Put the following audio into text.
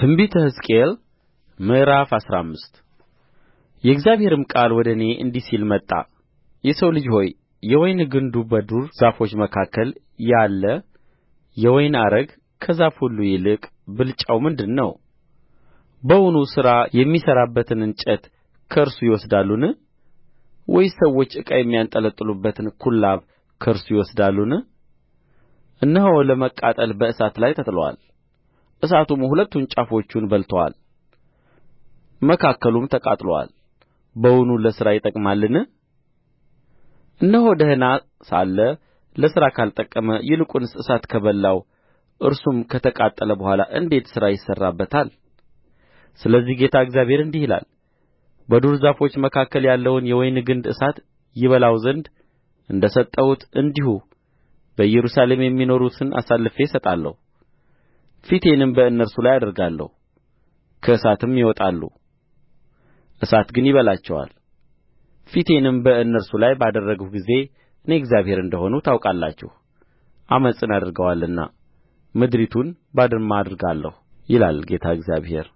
ትንቢተ ሕዝቅኤል ምዕራፍ አስራ አምስት የእግዚአብሔርም ቃል ወደ እኔ እንዲህ ሲል መጣ የሰው ልጅ ሆይ የወይን ግንዱ በዱር ዛፎች መካከል ያለ የወይን አረግ ከዛፍ ሁሉ ይልቅ ብልጫው ምንድር ነው? በውኑ ሥራ የሚሠራበትን እንጨት ከእርሱ ይወስዳሉን? ወይስ ሰዎች ዕቃ የሚያንጠለጥሉበትን ኩላብ ከእርሱ ይወስዳሉን? እነሆ ለመቃጠል በእሳት ላይ ተጥሎአል እሳቱም ሁለቱን ጫፎቹን በልቶአል መካከሉም ተቃጥሎአል በውኑ ለሥራ ይጠቅማልን እነሆ ደህና ሳለ ለሥራ ካልጠቀመ ይልቁንስ እሳት ከበላው እርሱም ከተቃጠለ በኋላ እንዴት ሥራ ይሠራበታል ስለዚህ ጌታ እግዚአብሔር እንዲህ ይላል በዱር ዛፎች መካከል ያለውን የወይን ግንድ እሳት ይበላው ዘንድ እንደ ሰጠሁት እንዲሁ በኢየሩሳሌም የሚኖሩትን አሳልፌ እሰጣለሁ ፊቴንም በእነርሱ ላይ አደርጋለሁ ከእሳትም ይወጣሉ እሳት ግን ይበላቸዋል ፊቴንም በእነርሱ ላይ ባደረግሁ ጊዜ እኔ እግዚአብሔር እንደ ሆንሁ ታውቃላችሁ ዓመፅን አድርገዋልና ምድሪቱን ባድማ አደርጋለሁ ይላል ጌታ እግዚአብሔር